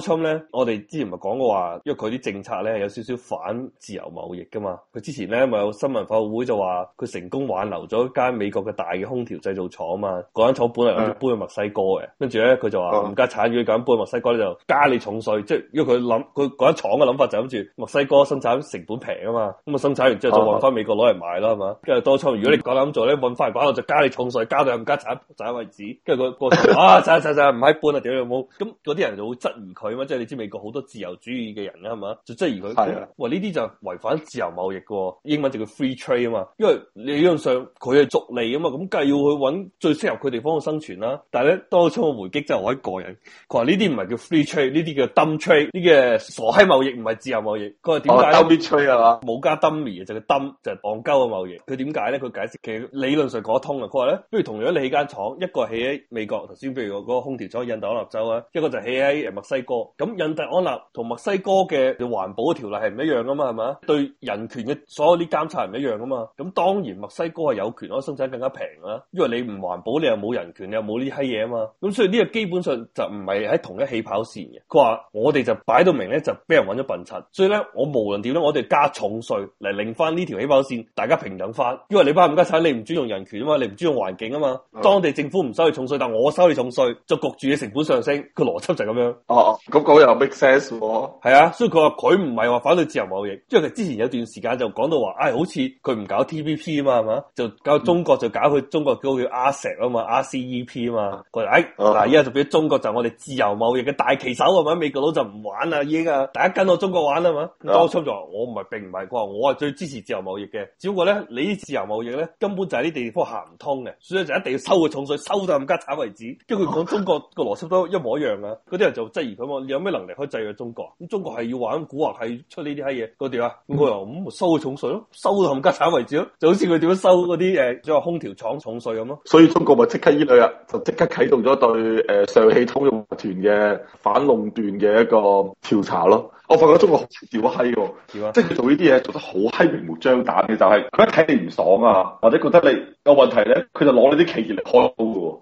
Trump 咧，我哋之前咪講過話，因為佢啲政策咧有少少反自由貿易噶嘛。佢之前咧咪有新聞發佈會就話，佢成功挽留咗間美國嘅大嘅空調製造廠啊嘛。嗰間廠本嚟諗搬去墨西哥嘅，跟住咧佢就話冚家鏟如果咁搬去墨西哥咧就加你重稅，即係因為佢諗佢嗰間廠嘅諗法就諗住墨西哥生產成本平啊嘛，咁啊生產完之後就運翻美國攞嚟賣啦係嘛。跟住 Trump，如果你講咁做咧，運翻嚟嗰我就加你重稅，加到冚家鏟仔為止，跟住佢個唔喺搬啊屌你老母咁啲人就好質疑。佢嘛，即係你知美國好多自由主義嘅人啦，係嘛，就質疑佢。喂的，呢啲就違反自由貿易嘅，哦，英文就叫 free trade 啊嘛。因為理論上佢係逐利啊嘛，咁梗係要去揾最適合佢地方嘅生存啦，啊。但係咧，當初我回擊真係我一個人。佢話呢啲唔係叫 free trade，呢啲叫 d u m b trade，呢個傻閪貿易唔係自由貿易。佢話點解 d u 冇加 dummy 嘅，就叫 d u m b 就係戇鳩嘅貿易。佢點解咧？佢解釋其實理論上講得通啊。佢話咧，不如同樣你起間廠，一個起喺美國，頭先譬如嗰個空調廠印度安那州啊，一個就起喺誒墨西。個，咁印第安納同墨西哥嘅環保嘅條例係唔一樣噶嘛，係咪對人權嘅所有啲監察係唔一樣噶嘛。咁當然墨西哥係有權咯，生產更加平啦，因為你唔環保，你又冇人權，你又冇呢啲嘢啊嘛，咁所以呢個基本上就唔係喺同一起跑線嘅。佢話我哋就擺到明咧，就俾人搵咗笨柒，所以咧，我無論點咧，我哋加重稅嚟，令翻呢條起跑線大家平等翻，因為你巴唔加產，你唔尊重人權啊嘛，你唔尊重環境啊嘛，當地政府唔收你重稅，但我收你重稅就焗住你成本上升，個邏輯就係咁樣。咁嗰又 make sense 喎，係啊，啊，啊，所以佢話佢唔係話反對自由貿易，即係佢之前有段時間就講到話，唉、哎，好似佢唔搞 TPP 啊嘛，係嘛，就搞中國、嗯、就搞佢中國叫叫 R 石啊嘛，RCEP 啊嘛，佢誒嗱，依家、哎啊啊、就畀中國就係我哋自由貿易嘅大旗手啊嘛，美國佬就唔玩啦，依家大家跟我中國玩啦嘛，當初就話，啊、我唔係並唔係，佢話我係最支持自由貿易嘅，只不過咧你啲自由貿易咧根本就係啲地方行唔通嘅，所以就一定要收佢重稅，收到咁加慘為止，跟住佢講中國個邏輯都一模一樣啊，啲人就質佢話你有咩能力可以制約中國？咁中國係要玩古惑，係出呢啲閪嘢，嗰啲啊，咁佢又咁收佢重稅咯，收到冚家產為止咯，就好似佢點樣收嗰啲誒，即係空調廠重稅咁咯。所以中國咪即刻呢兩日就即刻啟動咗對誒上汽通用集團嘅反壟斷嘅一個調查咯。我發覺中國好屌閪，即係佢做呢啲嘢做得好閪明目張膽嘅，就係、是、佢一睇你唔爽啊，或者覺得你有問題咧，佢就攞你啲企業嚟開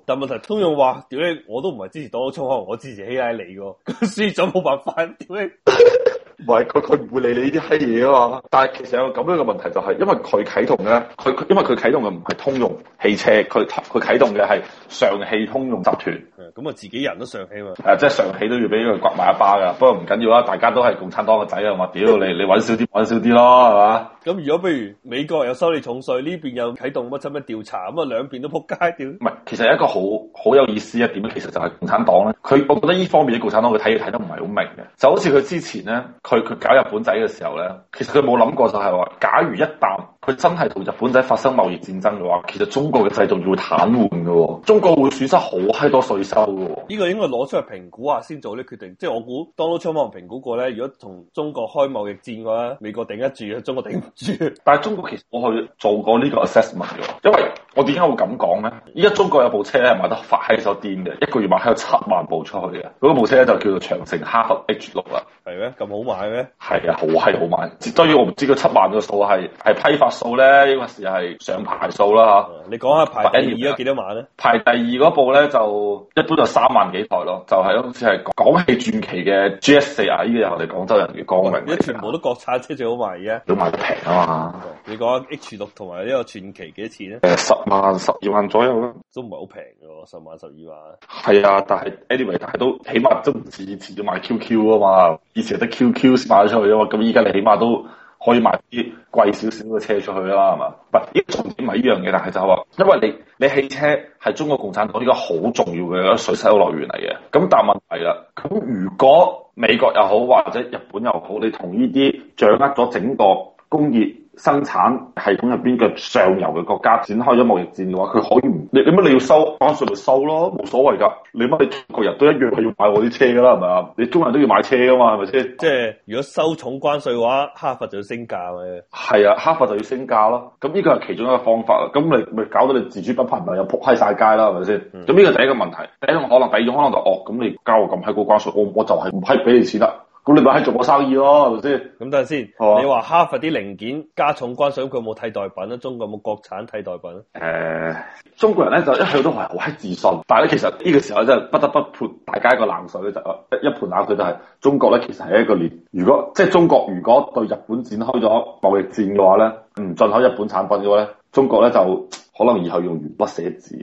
但問題，通用話屌你，我都唔係支持多沖開， 我支持希拉里嘅，佢輸咗冇辦法，屌你。 唔係佢佢唔會理你呢啲閪嘢啊嘛！但係其實有咁樣嘅問題就係，因為佢啟動咧，佢佢因為佢啟動嘅唔係通用汽車，佢佢佢啟動嘅係上汽通用集團。咁啊，自己人都上汽啊嘛！誒、啊，即係上汽都要俾佢刮埋一巴㗎。不過唔緊要啦，大家都係共產黨嘅仔啊嘛！屌你你揾少啲揾少啲咯，係嘛？咁 如果譬如美國有收你重稅，呢邊有啟動乜乜乜調查，咁啊兩邊都仆街屌！唔係、嗯，其實有一個好好有意思一點，其實就係共產黨咧，佢我覺得呢方面嘅共產黨，佢睇嘢睇得唔係好明嘅，就好似佢之前咧。去佢搞日本仔嘅時候咧，其實佢冇諗過就係話，假如一旦佢真係同日本仔發生貿易戰爭嘅話，其實中國嘅制度要癱瘓嘅喎，中國會損失好閪多稅收嘅喎。呢個應該攞出去評估下先做啲決定。即係我估當初 Donald Trump 評估過咧，如果同中國開貿易戰嘅話，美國頂得住，中國頂唔住。但係中國其實我去做過呢個 assessment 嘅喎，因為。我點解會咁講咧？依家中國有部車咧賣得快閪到癲嘅，一個月賣有七萬部出去嘅。嗰部車咧就叫做長城哈弗 H 六啦。係咩咁好賣咩？係啊，好閪好賣。至於我唔知佢七萬個數係係批發數咧，還是係上牌數啦。你講下排第二啊幾多萬咧？排第二嗰部咧就一般就三萬幾台咯，就係好似係廣汽傳奇嘅 G S 四啊，呢個又係我哋廣州人嘅光榮。而家全部都國產車最好賣嘅。都賣得平啊嘛？你講 H 六同埋呢個傳奇幾錢咧？誒萬十二萬左右咯，都唔係好平嘅，十萬十二萬。係啊，但係 anyway，但係都起碼都唔似以前要買 QQ 啊嘛，以前得 QQ 先賣得出去啊嘛。咁依家你起碼都可以賣啲貴少少嘅車出去啦，係嘛？不，這個、重點唔係依樣嘢，但係就係、是、話，因為你你汽車係中國共產黨呢個好重要嘅稅收來源嚟嘅。咁但問題啦，咁如果美國又好或者日本又好，你同呢啲掌握咗整個工業。生產系統入邊嘅上游嘅國家展開咗貿易戰嘅話，佢可以唔你你乜你要收關稅咪收咯，冇所謂噶。你乜你中國人都一樣係要買我啲車噶啦，係咪啊？你中國人都要買車噶嘛，係咪先？即係如果收重關稅嘅話，哈佛就要升價嘅。係啊，哈佛就要升價咯。咁呢個係其中一個方法啊。咁你咪搞到你自主不貧，咪又仆喺晒街啦，係咪先？咁呢個第一個問題，第一可能，第二可能就是、哦，咁你交我咁閪高關稅，我我就係唔閪俾你錢啦。咁你咪喺做個生意咯，係咪先？咁等下等先。吧你話哈佛啲零件加重關稅，佢有冇替代品咧？中國有冇國產替代品咧？誒、呃，中國人咧就一向都係好閪自信，但係咧其實呢個時候真係不得不潑大家一個冷水，一盤冷水就一潑冷佢就係，中國咧其實係一個連，如果即係中國如果對日本展開咗貿易戰嘅話咧，唔進口日本產品嘅話咧，中國咧就可能以後用鉛筆寫字。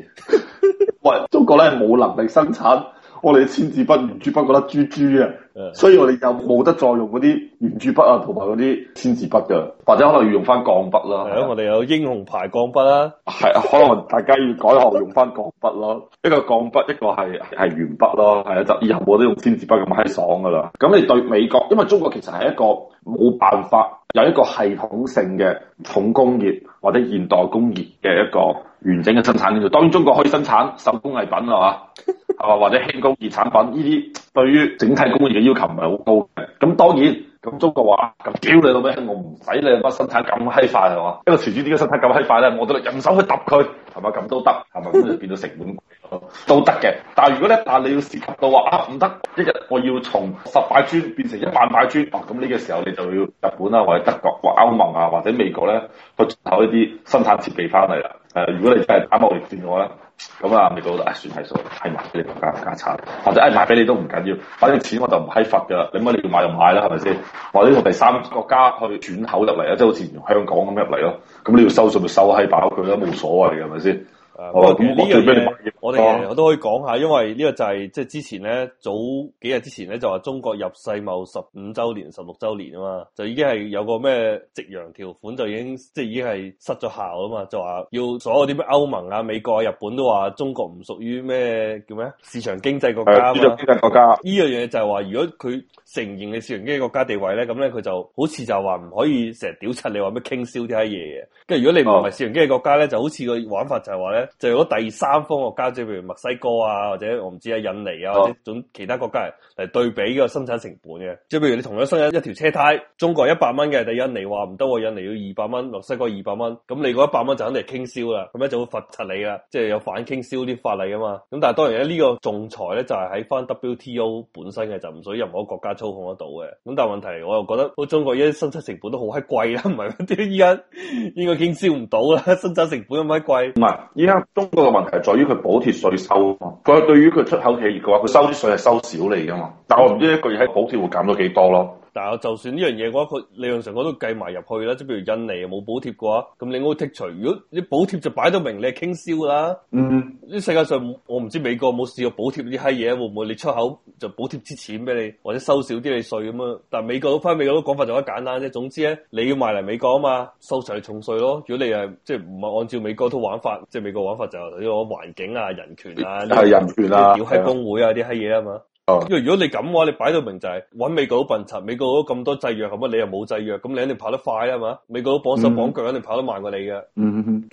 喂， 中國咧冇能力生產。我哋嘅簽字筆、圓珠筆覺得珠珠啊，的所以我哋又冇得再用嗰啲圓珠筆啊，同埋嗰啲簽字筆噶，或者可能要用翻鋼筆啦。係啊，我哋有英雄牌鋼筆啦。係啊，可能大家要改行用翻鋼筆咯，一個鋼筆，一個係係圓筆咯，係啊，就以後冇得用簽字筆咁閪爽噶啦。咁你對美國，因為中國其實係一個冇辦法。有一個系統性嘅重工業或者現代工業嘅一個完整嘅生產鏈度，當然中國可以生產手工藝品啦，吓，係咪 或者輕工業產品，呢啲對於整體工業嘅要求唔係好高嘅，咁當然。咁中國話咁屌你老咩？我唔使你乜生產咁閪快係嘛？一、這個瓷磚點解生產咁閪快咧，我都要人手去揼佢係嘛？咁都得係咪？咁就變到成本都得嘅。但係如果咧，但係你要涉及到話啊，唔得，一日我要從十塊磚變成一萬塊磚啊，咁呢個時候你就要日本啊，或者德國或歐盟啊，或者美國咧去投一啲生產設備翻嚟啦。誒、啊，如果你真係打貿易戰嘅話咧。咁啊，你覺得唉，算係數，係賣俾你國家家產，或者唉賣俾你都唔緊要，反正錢我就唔批罰噶啦，你乜你要買就買啦，係咪先？或者從第三國家去轉口入嚟啊，即係好似香港咁入嚟咯，咁你要收稅咪收閪飽佢都冇所謂嘅係咪先？是啊，呢樣嘢我哋、哦、我都可以講下，因為呢個就係、是、即係之前咧早幾日之前咧就話中國入世貿十五周年，十六周年啊嘛，就已經係有個咩《夕陽條款》就已經即係已經係失咗效啊嘛，就話要所有啲咩歐盟啊、美國啊、日本都話中國唔屬於咩叫咩市、市場經濟國家嘛。市場經濟國家呢樣嘢就係話，如果佢承認你市場經濟國家地位咧，咁咧佢就好似就話唔可以成日屌柒你話咩傾銷啲嘢嘅。跟住如果你唔係市場經濟國家咧，就好似個玩法就係話咧。就如果第三方國家，即譬如墨西哥啊，或者我唔知啊印尼啊，或者仲其他國家嚟嚟對比呢個生產成本嘅，即係譬如你同樣生產一條車胎，中國一百蚊嘅，但印尼話唔得，我印尼要二百蚊，墨西哥二百蚊，咁你嗰一百蚊就肯定係傾銷啦，咁咧就會罰查你啦，即係有反傾銷啲法例啊嘛。咁但係當然咧呢個仲裁咧就係、是、喺翻 WTO 本身嘅，就唔屬於任何國家操控得到嘅。咁但係問題我又覺得，中國依家生產成本都好閪貴啦，唔係，依家應該傾銷唔到啦，生產成本咁閪貴，唔係，中國嘅問題在於佢補貼稅收嘛，佢對於佢出口企業嘅話，佢收啲稅係收少你噶嘛？但我唔知一句喺補貼會減咗幾多咯。但就算呢樣嘢嘅話，佢利潤成我都計埋入去啦，即係譬如印尼冇補貼嘅話，咁你我會剔除。如果補貼你補貼就擺到明，你係傾銷啦。嗯，呢世界上我唔知美國有冇試過補貼呢啲閪嘢，會唔會你出口就補貼啲錢俾你，或者收少啲你稅咁樣？但係美國翻美國都講法就好簡單啫。總之咧，你要賣嚟美國啊嘛，收稅重稅咯。如果你係、就是、即係唔係按照美國套玩法，即係美國玩法就係如環境啊、人權啊，係人權啊，屌閪工會啊啲閪嘢啊嘛。因為、oh. 如果你咁話，你擺到明就係、是，搵美國好笨賊，美國咁多制約，後邊你又冇制約，咁你肯定跑得快啦，係嘛？美國綁手綁腳，肯、mm hmm. 定跑得慢過你嘅。Mm hmm.